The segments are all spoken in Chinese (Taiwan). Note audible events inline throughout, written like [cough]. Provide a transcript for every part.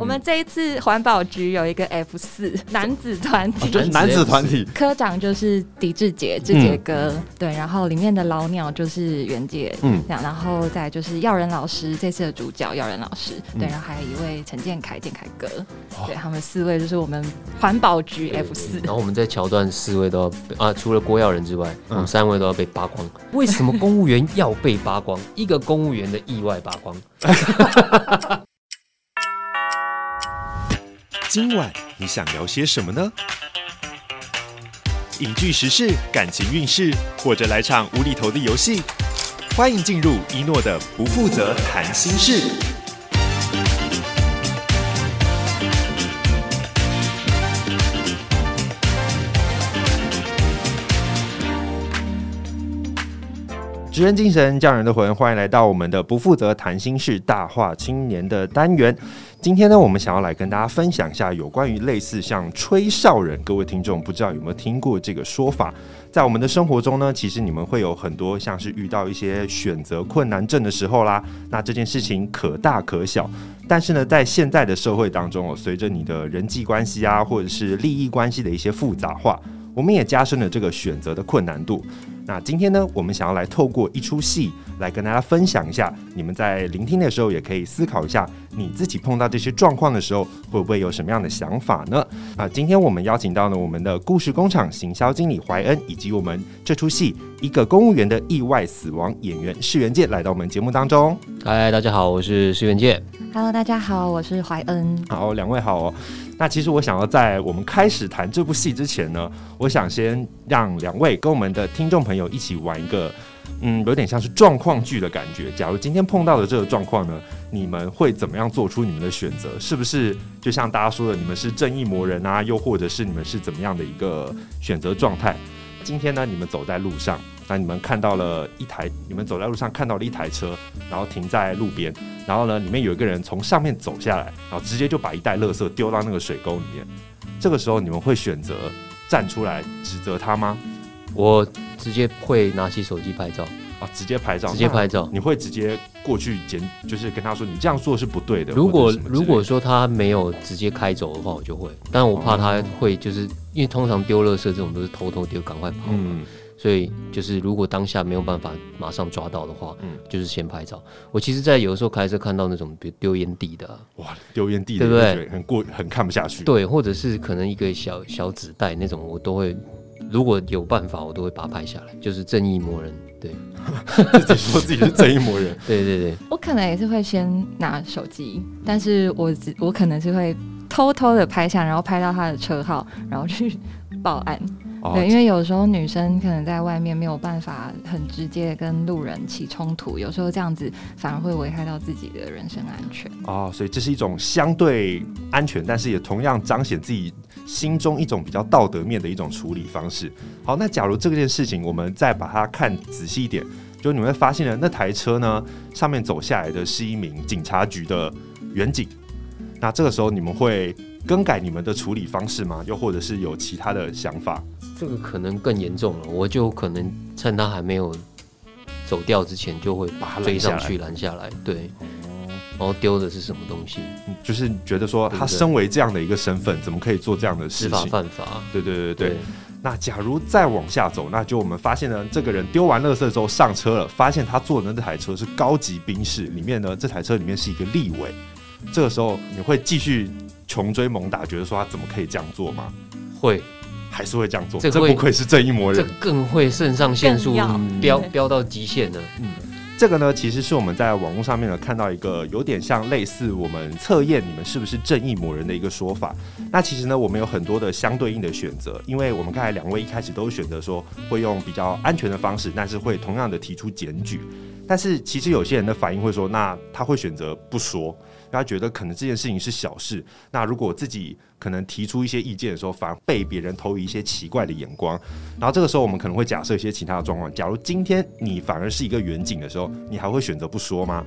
我們這一次環保局有一個 F 四男子團體，啊就是、男子團體、F4、科長就是狄志杰志杰哥，嗯嗯，對，然後裡面的老鳥就是袁杰，嗯，然後再就是耀仁老師，這次的主角耀仁老師，對，然後還有一位陳建凱建凱哥，哦，對，他們四位就是我們環保局 F 四。然後我們在橋段四位都要被啊，除了郭耀仁之外，我、嗯、們三位都要被扒光。為什麼公務員要被扒光？ [laughs] 一個公務員的意外扒光。 [laughs] [laughs] 今晚你想聊些什麼呢？影劇時事、感情運勢，或者來場無厘頭的遊戲，歡迎進入一諾的不負責談心事。職人精神，匠人的魂，歡迎來到我們的不負責談心事大話青年的單元。今天呢，我們想要來跟大家分享一下有關於類似像吹哨人，各位聽眾不知道有沒有聽過這個說法？在我們的生活中呢，其實你們會有很多像是遇到一些選擇困難症的時候啦。那這件事情可大可小，但是呢，在現在的社會當中，隨着你的人際關係啊，或者是利益關係的一些複雜化，我們也加深了這個選擇的困難度。那今天呢，我們想要來透過一齣戲來跟大家分享一下，你們在聆聽的時候，也可以思考一下，你自己碰到這些狀況的時候，會不會有什麼樣的想法呢？啊，今天我們邀請到了我們的故事工廠行銷經理懷恩，以及我們這齣戲，一個公務員的意外死亡演員是元介來到我們節目當中。嗨，大家好，我是是元介。Hello，大家好，我是懷恩。好哦，兩位好哦。那其實我想要在我們開始談這部戲之前呢，我想先讓兩位跟我們的聽眾朋友一起玩一個，嗯，有點像是狀況劇的感覺。假如今天碰到的這個狀況呢，你們會怎麼樣做出你們的選擇？是不是就像大家說的，你們是正義魔人啊，又或者是你們是怎麼樣的一個選擇狀態？今天呢，你們走在路上，那你們看到了一台，你們走在路上看到了一台車，然後停在路邊，然後呢，裡面有一個人從上面走下來，然後直接就把一袋垃圾丟到那個水溝裡面。這個時候你們會選擇站出來指責他嗎？我直接會拿起手機拍照。啊！直接拍照，直接拍照。你會直接過去撿，就是跟他說：“你這樣做是不對的。”如果如果說他沒有直接開走的話，我就會。但我怕他會，就是哦哦哦，因為通常丟垃圾這種都是偷偷丟，趕快跑。嗯。所以就是如果當下沒有辦法馬上抓到的話，嗯，就是先拍照。我其實，在有的時候開車看到那種，比如丟菸蒂的，啊，哇，丟菸蒂，對不對？很過，很看不下去。對，或者是可能一個小小紙袋那種，我都會，如果有辦法，我都會把它拍下來，就是正義魔人。對， [laughs] 自己說自己是正義魔人。 [laughs] 對對對，對，我可能也是會先拿手機，但是我只我可能是會偷偷的拍下，然後拍到他的車號，然後去報案。對，因為有時候女生可能在外面沒有辦法很直接跟路人起衝突，有時候這樣子反而會危害到自己的人身安全。哦。所以這是一種相對安全，但是也同樣彰顯自己心中一種比較道德面的一種處理方式。好，那假如這件事情我們再把它看仔細一點，就你們會發現了那台車呢，上面走下來的是一名警察局的員警。那這個時候你們會更改你們的處理方式嗎？又或者是有其他的想法？這個可能更嚴重了，我就可能趁他還沒有走掉之前，就會把他追上去攔下來。對。然後丟的是什麼東西？就是覺得說他身為這樣的一個身份，對對怎麼可以做這樣的事情？知法犯法。對對對對,對。那假如再往下走，那就我們發現呢，這個人丟完垃圾之後上車了，發現他坐的那台車是高級賓士。裡面呢這台車裡面是一個立委。這個時候你會繼續窮追猛打，覺得說他怎麼可以這樣做嗎？會，還是會這樣做？這個、真不愧是正義魔人，這更會腎上腺素飆飆到極限呢。嗯。這個呢，其實是我們在網絡上面呢，看到一個有點像類似我們測驗你們是不是正義魔人的一個說法。那其實呢，我們有很多的相對應的選擇，因為我們剛才兩位一開始都選擇說會用比較安全的方式，但是會同樣的提出檢舉。但是其實有些人的反應會說，那他會選擇不說，他覺得可能這件事情是小事。那如果自己可能提出一些意見的時候，反而被別人投以一些奇怪的眼光，然後這個時候我們可能會假設一些其他的狀況。假如今天你反而是一個員警的時候，你還會選擇不說嗎？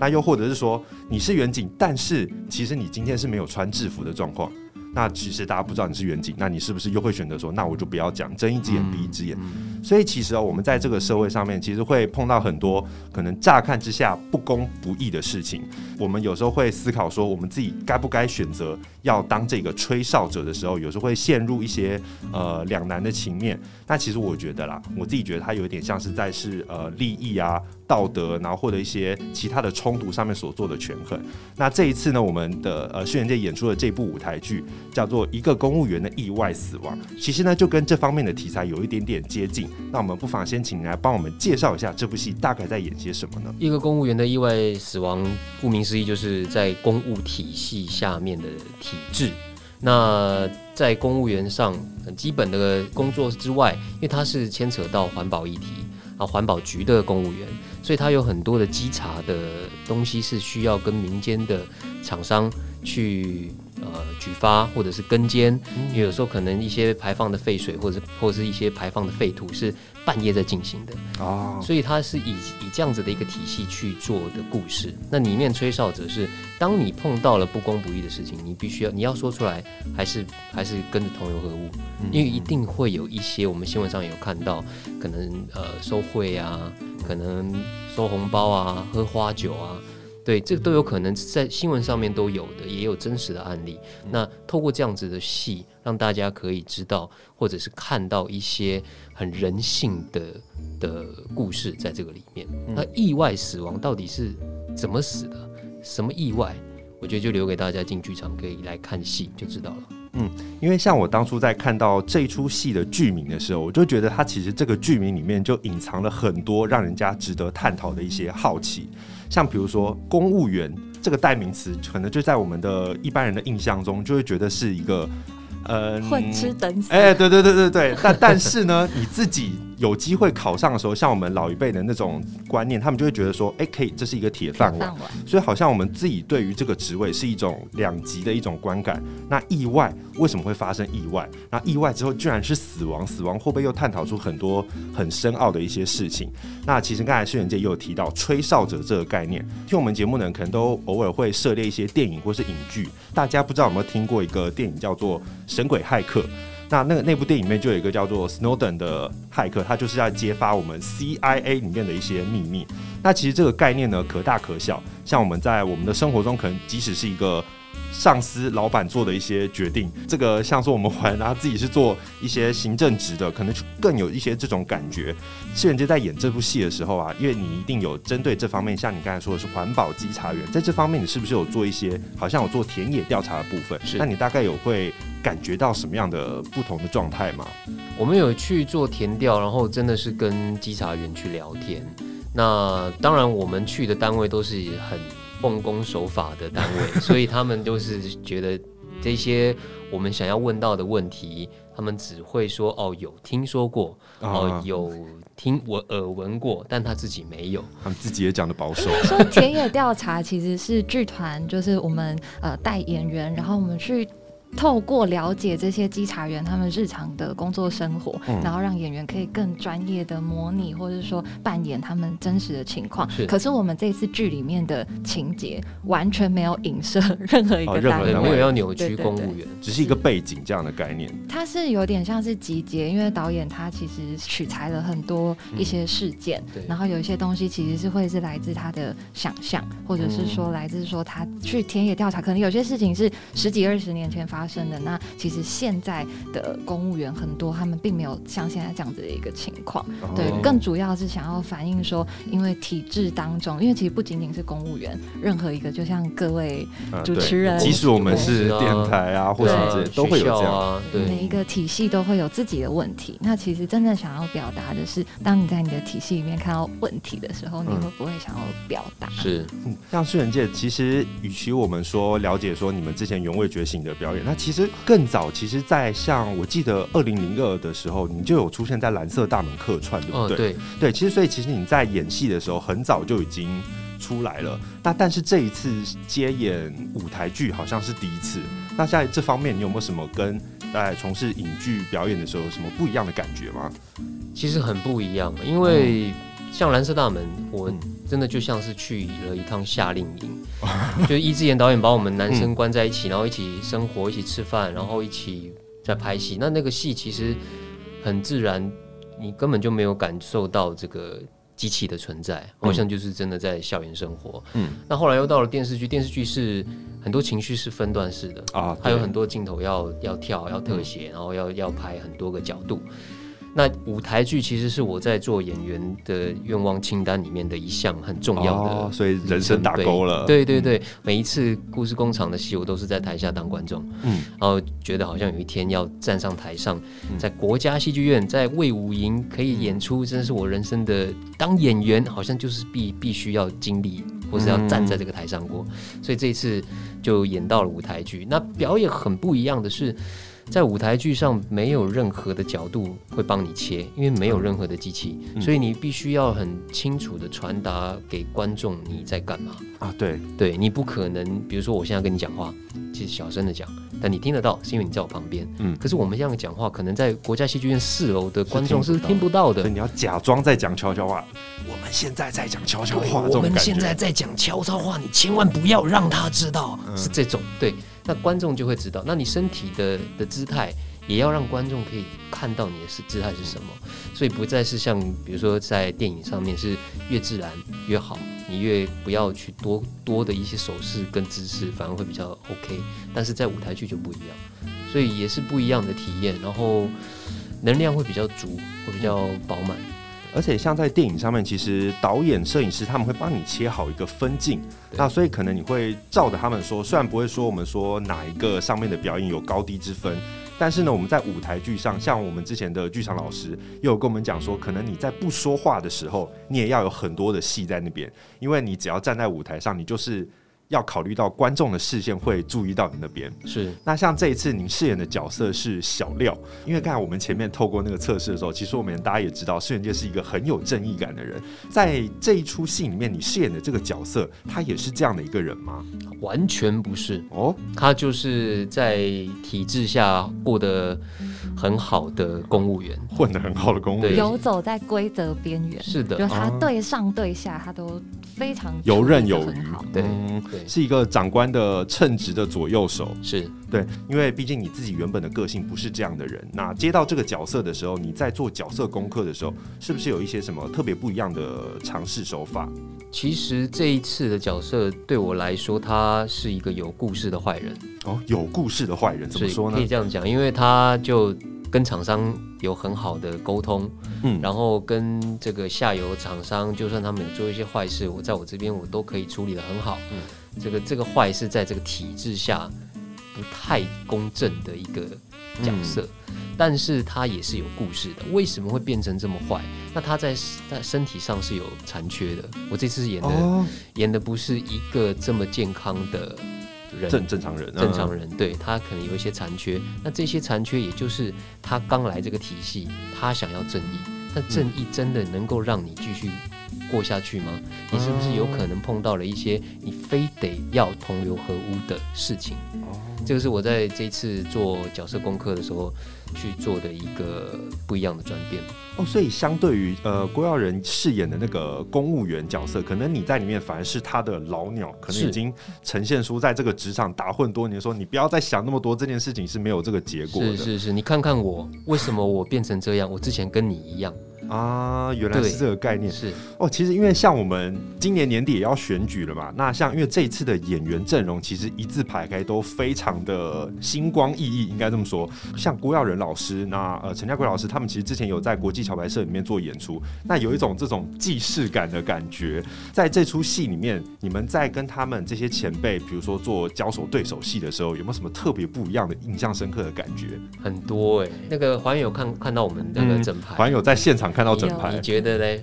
那又或者是說你是員警，但是其實你今天是沒有穿制服的狀況。那其實大家不知道你是遠景，那你是不是又會選擇說，那我就不要講，睜一只眼閉一只眼、嗯？所以其實啊、哦，我們在這個社會上面，其實會碰到很多可能乍看之下不公不義的事情。我們有時候會思考說，我們自己該不該選擇要當這個吹哨者的時候，有時候會陷入一些呃兩難的情面。那其實我覺得啦，我自己覺得它有點像是在是呃利益啊、道德，然後或者一些其他的衝突上面所做的權衡。那這一次呢，我們的呃軒轅界演出的這部舞台劇。叫做一個公務員的意外死亡，其實呢，就跟這方面的題材有一點點接近。那我們不妨先請來幫我們介紹一下這部戲大概在演些什麼呢？一個公務員的意外死亡，顧名思義就是在公務體系下面的體制。那在公務員上很基本的工作之外，因為他是牽扯到環保議題啊，環保局的公務員，所以他有很多的稽查的東西是需要跟民間的廠商。去呃舉發或者是跟監，嗯，因為有時候可能一些排放的廢水或、或者或是一些排放的廢土是半夜在進行的，哦，所以它是以以這樣子的一個體系去做的故事。那裡面吹哨者是，當你碰到了不公不義的事情，你必須要你要說出來，還是還是跟着同流合污，嗯，因為一定會有一些我們新聞上有看到，可能呃收賄啊，可能收紅包啊，喝花酒啊。對，這都有可能在新聞上面都有的，也有真實的案例。嗯，那透過這樣子的戲，讓大家可以知道或者是看到一些很人性的的故事，在這個裡面，嗯，那意外死亡到底是怎麼死的？什麼意外？我覺得就留給大家進劇場可以來看戲就知道了。嗯，因為像我當初在看到這齣戲的劇名的時候，我就覺得它其實這個劇名裡面就隱藏了很多讓人家值得探討的一些好奇。像比如說公務員這個代名詞，可能就在我們的一般人的印象中，就會覺得是一個、嗯、混吃等死。哎、欸，對對對對對， [laughs] 但但是呢，你自己。有機會考上的時候，像我們老一輩的那種觀念，他們就會覺得說，哎、欸，可以，這是一個鐵飯碗，碗。所以，好像我們自己對於這個職位是一種兩極的一種觀感。那意外為什麼會發生意外？那意外之後，居然是死亡，死亡會不會又探討出很多很深奧的一些事情。那其實剛才是元介也有提到吹哨者這個概念。聽我們節目呢，可能都偶爾會涉獵一些電影或是影劇。大家不知道有沒有聽過一個電影叫做《神鬼駭客》。那那個那部電影裡面就有一個叫做 Snowden 的駭客，他就是在揭發我們 CIA 裡面的一些秘密。那其實這個概念呢，可大可小，像我們在我們的生活中，可能即使是一個上司、老板做的一些決定，這個像說我們然後、啊、自己是做一些行政職的，可能更有一些這種感覺。是元介在演這部戲的時候啊，因為你一定有針對這方面，像你剛才說的是環保稽查員，在這方面你是不是有做一些，好像有做田野調查的部分？是，那你大概有會。感覺到什麼樣的不同的狀態嗎？我們有去做田調，然後真的是跟稽查員去聊天。那當然，我們去的單位都是很奉公守法的單位， [laughs] 所以他們都是覺得這些我們想要問到的問題，他們只會說：“哦，有聽說過，啊、哦，有聽我耳聞過，但他自己沒有。”他們自己也講的保守。所以田野調查其實是劇團，就是我們呃帶演員，然後我們去。透過了解這些稽查員他們日常的工作生活，嗯、然後讓演員可以更專業的模擬，或者說扮演他們真實的情況。可是我們這次劇裡面的情節完全沒有影射任何一個，人、哦，何因沒有要扭曲公務員，對對對對對對，只是一個背景這樣的概念。他是有點像是集結，因為導演他其實取材了很多一些事件，嗯、然後有一些東西其實是會是來自他的想象，或者是說來自說他去田野調查、嗯，可能有些事情是十幾二十年前發生。發生的。那其實現在的公務員很多，他們並沒有像現在這樣子的一個情況、哦。對，更主要是想要反映說，因為體制當中，因為其實不僅僅是公務員，任何一個就像各位主持人，啊、即使我們是電台啊或者什麼、啊啊，都會有這樣、啊對。每一個體系都會有自己的問題。那其實真正想要表達的是，當你在你的體系裡面看到問題的時候，嗯、你會不會想要表達？是，像主持人界，其實與其我們說了解說你們之前原味覺醒的表演，那其實更早，其實在像我記得二零零二的時候，你就有出現在藍色大門客串，對不對？嗯、對。對，其實所以其實你在演戲的時候，很早就已經出來了。那但是這一次接演舞台劇，好像是第一次。那在這方面，你有沒有什麼跟在從事影劇表演的時候有什麼不一樣的感覺嗎？其實很不一樣，因為、嗯。像藍色大門，我真的就像是去了一趟夏令營， [laughs] 就是易智言導演把我們男生關在一起，然後一起生活，一起吃飯，然後一起在拍戲。那那個戲其實很自然，你根本就沒有感受到這個機器的存在，好像就是真的在校園生活。嗯，那後來又到了電視劇，電視劇是很多情緒是分段式的啊，還有很多鏡頭要要跳，要特寫，嗯，然後要要拍很多個角度。那舞台劇其實是我在做演員的願望清單裡面的一項很重要的、哦，所以人生打勾了。對對對，對，對、嗯，每一次故事工廠的戲，我都是在台下當觀眾，嗯，然後覺得好像有一天要站上台上，嗯、在國家戲劇院，在衛武營可以演出，嗯、演出真的是我人生的當演員，好像就是必必須要經歷，或是要站在這個台上過。嗯、所以這一次就演到了舞台劇，那表演很不一樣的是。在舞台劇上沒有任何的角度會幫你切，因為沒有任何的機器，嗯、所以你必須要很清楚的傳達給觀眾你在幹嘛啊？對，對你不可能，比如說我現在跟你講話，其實小聲的講，但你聽得到，是因為你在我旁邊。嗯，可是我們這樣講話，可能在國家戲劇院四樓的觀眾是聽得到，是聽不到的，所以你要假裝在講悄悄話。我們現在在講悄悄話，我們現在在講悄悄話，你千萬不要讓他知道、嗯、是這種對。那觀眾就會知道，那你身體的的姿態也要讓觀眾可以看到你的是姿態是什麼，所以不再是像比如說在電影上面是越自然越好，你越不要去多多的一些手勢跟姿勢，反而會比較 OK。但是在舞台劇就不一樣，所以也是不一樣的體驗，然後能量會比較足，會比較飽滿。而且像在電影上面，其實導演、攝影師他們會幫你切好一個分鏡，那所以可能你會照着他們說。雖然不會說我們說哪一個上面的表演有高低之分，但是呢，我們在舞台劇上，像我們之前的劇場老師也有跟我們講說，可能你在不說話的時候，你也要有很多的戲在那邊，因為你只要站在舞台上，你就是。要考慮到觀眾的視線會注意到你那邊。是那像這一次您飾演的角色是小廖，因為剛才我們前面透過那個測試的時候，其實我們大家也知道，是元介是一個很有正義感的人。在這一出戲裡面，你飾演的這個角色，他也是這樣的一個人嗎？完全不是哦，他就是在體制下過得很好的公務員，混得很好的公務員，遊走在規則邊緣。是的，就、啊、他對上對下，他都非常游刃有、有餘。對、嗯。是一個長官的稱職的左右手，是對，因為畢竟你自己原本的個性不是這樣的人。那接到這個角色的時候，你在做角色功課的時候，是不是有一些什麼特別不一樣的嘗試手法？其實這一次的角色對我來說，他是一個有故事的壞人哦。有故事的壞人怎麼說呢？可以這樣講，因為他就跟廠商有很好的溝通，嗯，然後跟這個下游廠商，就算他們有做一些壞事，我在我這邊我都可以處理得很好，嗯。這個這個壞是在這個體制下不太公正的一個角色，嗯，但是他也是有故事的。為什麼會變成這麼壞？那他在在身體上是有殘缺的。我這次演的，哦，演的不是一個這麼健康的人，正正常人，啊，正常人。對他可能有一些殘缺。那這些殘缺，也就是他剛來這個體系，他想要正義，但正義真的能夠讓你繼續？過下去嗎？你是不是有可能碰到了一些你非得要同流合污的事情？哦、嗯，這個是我在這一次做角色功課的時候。去做的一個不一樣的轉變哦，所以相對於呃郭耀仁飾演的那個公務員角色，可能你在裡面反而是他的老鳥，可能已經呈現出在這個職場打混多年，說你不要再想那麼多，這件事情是沒有這個結果的。是是是，你看看我為什麼我變成這樣，我之前跟你一樣啊，原來是這個概念是哦。其實因為像我們今年年底也要選舉了嘛，那像因為這一次的演員陣容其實一字排開都非常的星光熠熠，應該這麼說，像郭耀仁老師，那呃，陳家貴老師，他們其實之前有在國際橋牌社裡面做演出，那有一種這種既視感的感覺。在這出戲裡面，你們在跟他們這些前輩，比如說做交手對手戲的時候，有沒有什麼特別不一樣的、印象深刻的感覺？很多哎、欸，那個還有看看到我們那個整排，還、嗯、有在現場看到整排，有你覺得嘞？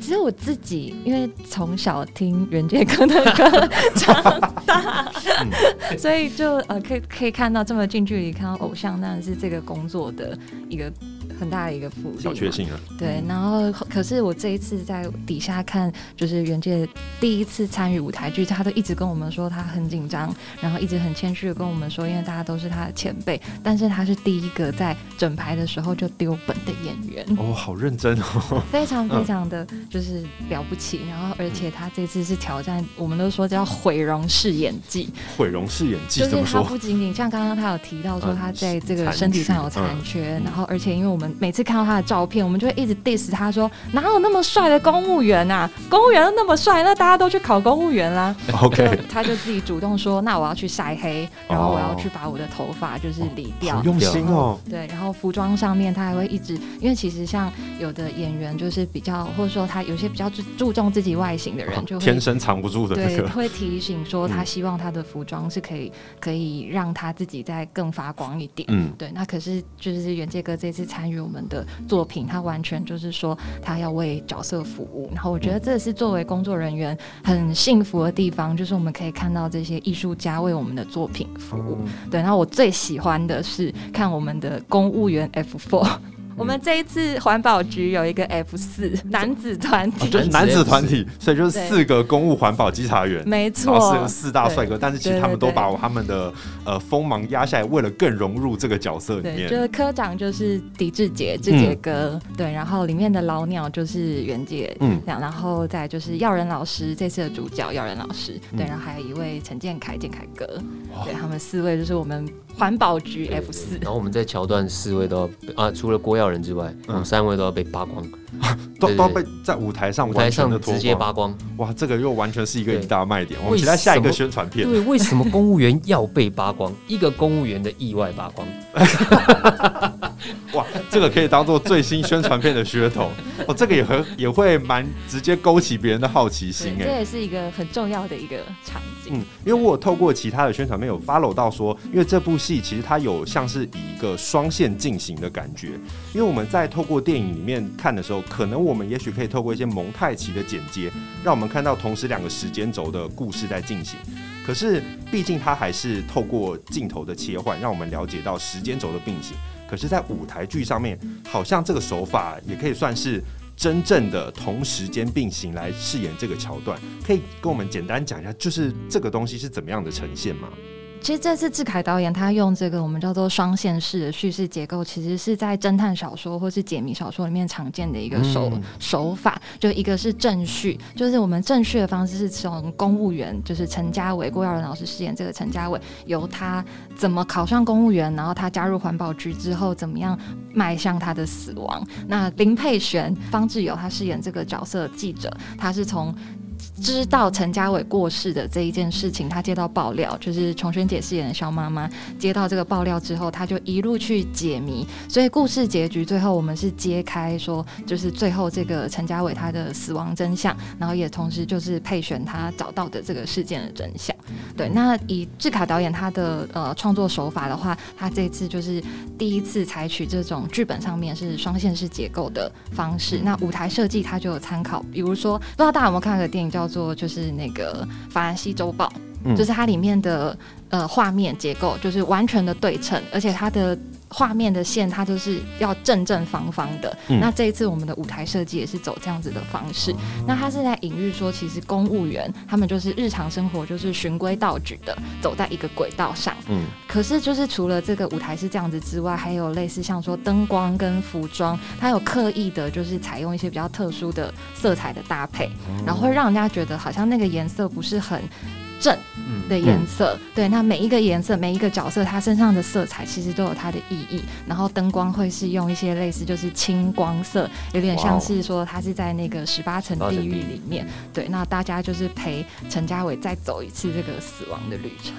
其實我自己因為從小聽元介哥的歌 [laughs] [laughs] 長大、 [laughs] 嗯，所以就呃，可以可以看到這麼近距離看到偶像，當然是這個工。做的一個。很大的一個付小確幸啊。對，然後可是我這一次在底下看，就是元介第一次參與舞台劇，他都一直跟我們說他很緊張，然後一直很謙虛的跟我們說，因為大家都是他的前輩，但是他是第一個在整排的時候就丟本的演員。哦，好認真哦，非常非常的就是了不起。然後而且他這次是挑戰，我們都說叫毀容式演技。毀容式演技，就是他不僅僅像剛剛他有提到說他在這個身體上有殘缺，然後而且因為我們。每次看到他的照片，我們就會一直 diss 他說哪有那麼帥的公務員啊？公務員都那麼帥，那大家都去考公務員啦。OK，就他就自己主動說：“那我要去曬黑，oh. 然後我要去把我的頭髮就是理掉，oh. Oh. 好用心哦。”對，然後服裝上面他還會一直，因為其實像有的演員就是比較，或者說他有些比較注重自己外形的人就會，就、oh. 天生藏不住的、這個，對，會提醒說他希望他的服裝是可以、嗯、可以讓他自己再更發光一點。嗯，對，那可是就是元介哥這次參與。我們的作品，他完全就是說，他要為角色服務。然後我覺得這是作為工作人員很幸福的地方，就是我們可以看到這些藝術家為我們的作品服務。對，然後我最喜歡的是看我們的公務員 F Four。我們這一次環保局有一個 F 四男子團體、嗯，男子團體,、啊、就男子團體，所以就是四個公務環保稽查員，沒錯，四個四大帥哥，但是其實他們都把他們的對對對呃鋒芒壓下來，為了更融入這個角色裡面。就是科長就是狄志杰志杰哥、嗯，對，然後裡面的老鳥就是袁杰。嗯，然後再就是耀仁老師，這次的主角耀仁老師、嗯，對，然後還有一位陳建凱建凱哥、哦，對，他們四位就是我們環保局 F 四，然後我們在橋段四位都啊，除了郭。要人之外，嗯，三位都要被扒光，啊、都對對對都被在舞台上舞台上的直接扒光，哇，這個又完全是一個一大賣點。我們期待下一個宣傳片，對，為什麼公務員要被扒光？ [laughs] 一個公務員的意外扒光。 [laughs] [laughs] 哇，這個可以當做最新宣傳片的噱頭哦，這個也很也會蠻直接勾起別人的好奇心哎、欸，這也是一個很重要的一個場景。嗯，因為我透過其他的宣傳片有 follow 到說，因為這部戲其實它有像是以一個雙線進行的感覺，因為我們在透過電影裡面看的時候，可能我們也許可以透過一些蒙太奇的剪接，讓我們看到同時兩個時間軸的故事在進行，可是畢竟它還是透過鏡頭的切換，讓我們了解到時間軸的並行。可是，在舞台劇上面，好像這個手法也可以算是真正的同時間並行來飾演這個橋段，可以跟我們簡單講一下，就是這個東西是怎麼樣的呈現嗎？其實這次志凱導演他用這個我們叫做雙線式的敘事結構，其實是在偵探小說或是解謎小說裡面常見的一個手、嗯、手法。就一個是正敘，就是我們正敘的方式是從公務員，就是陳家偉、郭耀仁老師飾演這個陳家偉，由他怎麼考上公務員，然後他加入環保局之後怎麼樣邁向他的死亡。那林佩璇、方志友他飾演這個角色記者，他是從。知道陳家偉過世的這一件事情，他接到爆料，就是瓊軒姐飾演的肖媽媽接到這個爆料之後，她就一路去解謎。所以故事結局最後，我們是揭開說，就是最後這個陳家偉他的死亡真相，然後也同時就是配選他找到的這個事件的真相。對，那以致凱導演他的呃創作手法的話，他這次就是第一次採取這種劇本上面是雙線式結構的方式。那舞台設計他就有參考，比如說不知道大家有沒有看過電影叫？做就是那個《法蘭西週報》。就是它裡面的呃畫面結構，就是完全的對稱，而且它的畫面的線，它就是要正正方方的。嗯、那這一次我們的舞台設計也是走這樣子的方式。嗯、那它是在隱喻說，其實公務員他們就是日常生活就是循規蹈矩的走在一個軌道上。嗯。可是就是除了這個舞台是這樣子之外，還有類似像說燈光跟服裝，它有刻意的就是採用一些比較特殊的色彩的搭配，嗯、然後會讓人家覺得好像那個顏色不是很。正的顏色，嗯，對，那每一個顏色，每一個角色，他身上的色彩其實都有它的意義。然後燈光會是用一些類似就是青光色，有點像是說他是在那個十八層地獄裡面。哦，對，那大家就是陪陳家偉再走一次這個死亡的旅程，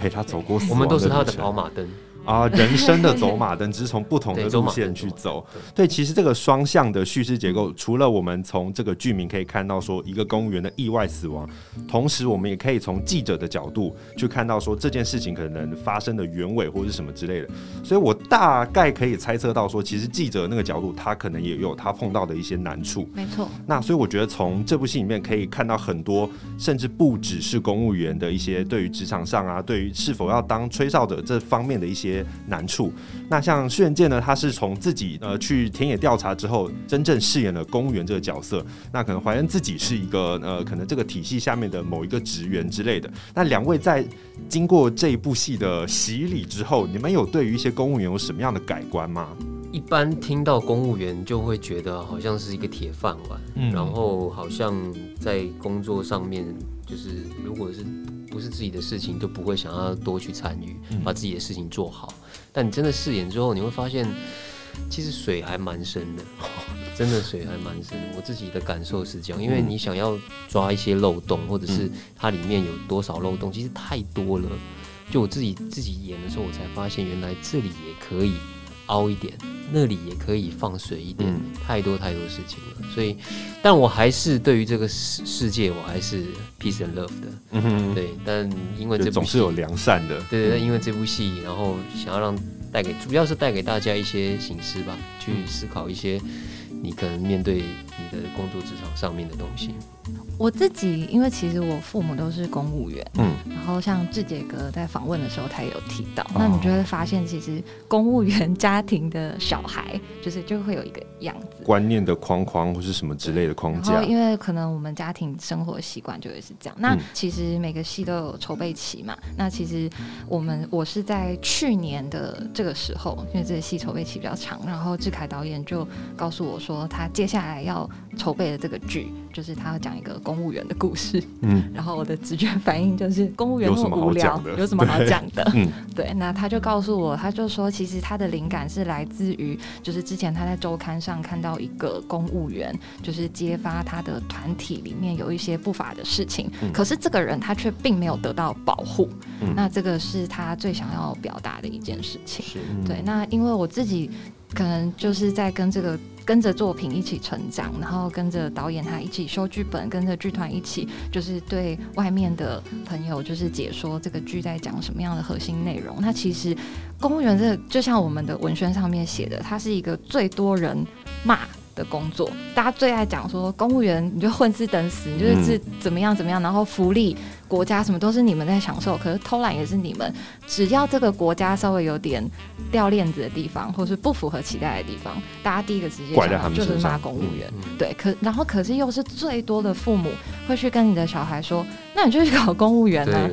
陪他走過死亡的旅程。我們都是他的寶馬燈。啊，人生的走馬燈只 [laughs] 是從不同的路線去走。對，對對對對，其實這個雙向的敘事結構，除了我們從這個劇名可以看到說一個公務員的意外死亡，同時我們也可以從記者的角度去看到說這件事情可能發生的原委或者是什麼之類的。所以我大概可以猜測到說，其實記者那個角度他可能也有他碰到的一些難處。沒錯。那所以我覺得從這部戲裡面可以看到很多，甚至不只是公務員的一些對於職場上啊，對於是否要當吹哨者這方面的一些。難處。那像元介呢，他是從自己呃去田野調查之後，真正飾演了公務員這個角色。那可能懷恩自己是一個呃，可能這個體系下面的某一個職員之類的。那兩位在經過這一部戲的洗禮之後，你們有對於一些公務員有什麼樣的改觀嗎？一般聽到公務員，就會覺得好像是一個鐵飯碗，然後好像在工作上面，就是如果是不是自己的事情，就不會想要多去參與，把自己的事情做好。但你真的試演之後，你會發現，其實水還蠻深的，真的水還蠻深的。我自己的感受是這樣，因為你想要抓一些漏洞，或者是它裡面有多少漏洞，其實太多了。就我自己自己演的時候，我才發現，原來這裡也可以，凹一點，那裡也可以放水一點，嗯，太多太多事情了，所以，但我還是對於這個世世界，我還是 peace and love 的，嗯，嗯，對，但因為這部戲總是有良善的，對對對，但因為這部戲，然後想要讓帶給，主要是帶給大家一些形式吧，去思考一些你可能面對你的工作職場上面的東西。我自己，因為其實我父母都是公務員，嗯，然後像志杰哥在訪問的時候，他也有提到、哦，那你就會發現，其實公務員家庭的小孩，就是就會有一個樣子，觀念的框框或是什麼之類的框架。因為可能我們家庭生活習慣就會是這樣。嗯、那其實每個戲都有籌備期嘛，那其實我們我是在去年的這個時候，因為這個戲籌備期比較長，然後致凱導演就告訴我說，他接下來要籌備的這個劇、嗯，就是他要講一個。公務員的故事，嗯，然後我的直覺反應就是公務員很無聊。有什麼好講的？有什麼好講的？嗯，對。那他就告訴我，他就說，其實他的靈感是來自於，就是之前他在周刊上看到一個公務員，就是揭發他的團體裡面有一些不法的事情，嗯，可是這個人他卻並沒有得到保護，嗯。那這個是他最想要表達的一件事情。嗯，對，那因為我自己。可能就是在跟這個跟着作品一起成長，然後跟着導演他一起修劇本，跟着劇團一起，就是對外面的朋友就是解說這個劇在講什麼樣的核心內容。那其實公務員這個，就像我們的文宣上面寫的，它是一個最多人罵的工作，大家最愛講說公務員，你就混吃等死，你就是是怎麼樣怎麼樣，然後福利、國家什麼都是你們在享受，可是偷懶也是你們。只要這個國家稍微有點掉鏈子的地方，或是不符合期待的地方，大家第一個直接講就是罵公務員。嗯嗯、對，可然後可是又是最多的父母會去跟你的小孩說，那你就去考公務員了，啊，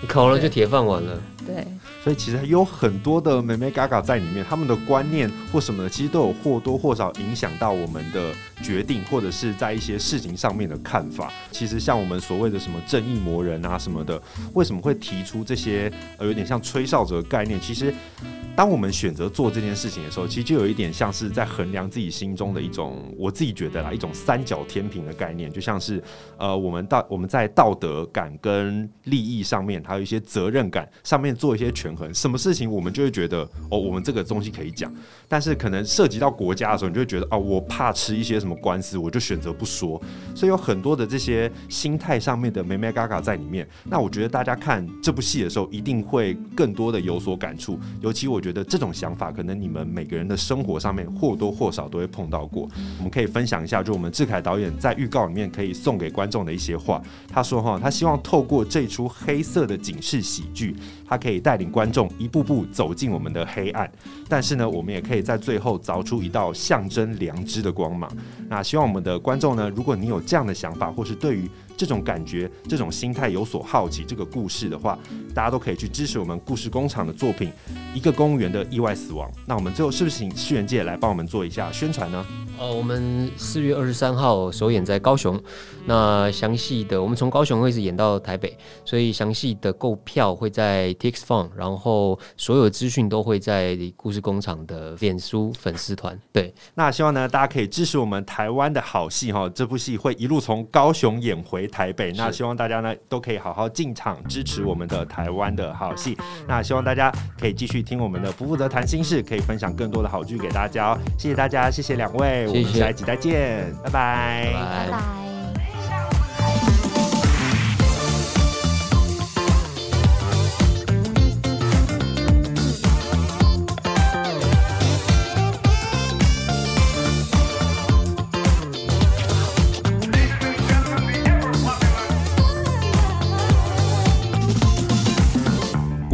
你考了就鐵飯碗了。對。對所以其實有很多的眉眉角角在裡面，他們的觀念或什麼的，其實都有或多或少影響到我們的。決定或者是在一些事情上面的看法，其實像我們所謂的什麼正義魔人啊什麼的，為什麼會提出這些呃有點像吹哨者的概念？其實，當我們選擇做這件事情的時候，其實就有一點像是在衡量自己心中的一種，我自己覺得啦，一種三角天平的概念，就像是呃我們道我們在道德感跟利益上面，還有一些責任感上面做一些權衡，什麼事情我們就會覺得哦，我們這個東西可以講，但是可能涉及到國家的時候，你就會覺得啊、哦，我怕吃一些。什麼官司我就選擇不說，所以有很多的這些心態上面的眉眉角角在裡面。那我覺得大家看這部戲的時候，一定會更多的有所感觸。尤其我覺得這種想法，可能你們每個人的生活上面或多或少都會碰到過。我們可以分享一下，就我們致凱導演在預告裡面可以送給觀眾的一些話。他說：“哈，他希望透過這出黑色的警示喜劇，他可以帶領觀眾一步步走進我們的黑暗。但是呢，我們也可以在最後鑿出一道象徵良知的光芒。”那希望我們的觀眾呢，如果你有這樣的想法，或是對於這種感覺，這種心態有所好奇，這個故事的話，大家都可以去支持我們故事工廠的作品《一個公務員的意外死亡》。那我們最後是不是請是元介來幫我們做一下宣傳呢？呃，我們四月二十三號首演在高雄，那詳細的我們從高雄一直演到台北，所以詳細的購票會在 TixFun，然後所有資訊都會在故事工廠的臉書粉絲團。對，那希望呢大家可以支持我們台灣的好戲哈，這部戲會一路從高雄演回。台北，那希望大家呢都可以好好進場支持我們的台灣的好戲。那希望大家可以繼續聽我們的不負責談心事，可以分享更多的好劇給大家哦。謝謝大家，謝謝兩位，我們下一集再見，謝謝，拜拜，拜拜。拜拜。